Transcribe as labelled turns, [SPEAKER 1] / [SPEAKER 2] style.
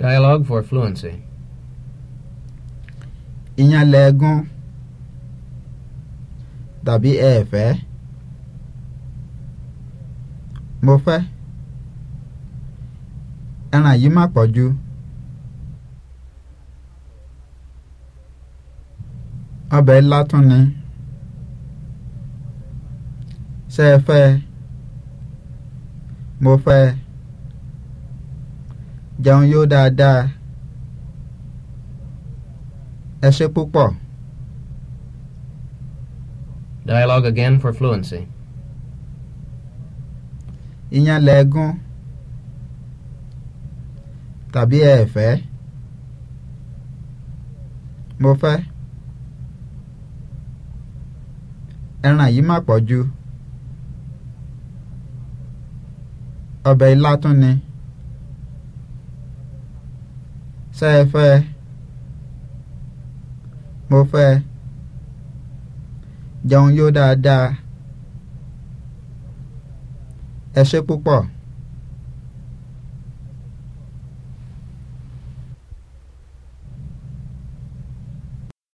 [SPEAKER 1] Dialogue for fluency. Ìyẹn lẹ́ẹ̀gan tàbí ẹ fẹ́. Mo fẹ́. Ẹran yìí má pọ̀ jù. Ọbẹ̀ ńlá ni. Ṣé ẹ fẹ́? Mo fẹ́ jẹun yó dáadáa ẹ ṣé púpọ̀.
[SPEAKER 2] Dialogue again for fluency. Ìyẹn lẹ́ẹ̀gún
[SPEAKER 1] tàbí ẹ fẹ́ mo fẹ́ ẹran yìí má pọ̀ jù ọbẹ̀ ilá tún ni. ṣé ẹ fẹ́ mo fẹ́ jẹun yó dáadáa ẹ ṣé púpọ̀.